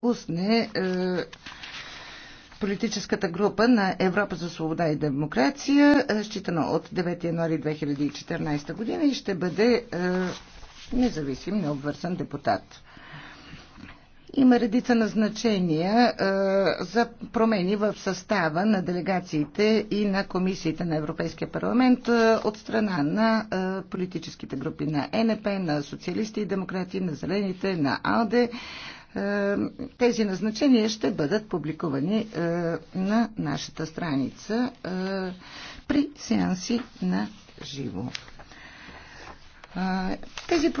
пусне е, политическата група на Европа за свобода и демокрация, е, считана от 9 януари 2014 година и ще бъде е, независим, необвързан депутат. Има редица назначения е, за промени в състава на делегациите и на комисиите на Европейския парламент е, от страна на е, политическите групи на е НП, на социалисти и демократи, на зелените, на АЛДЕ. Е, тези назначения ще бъдат публикувани е, на нашата страница е, при сеанси на живо. Тези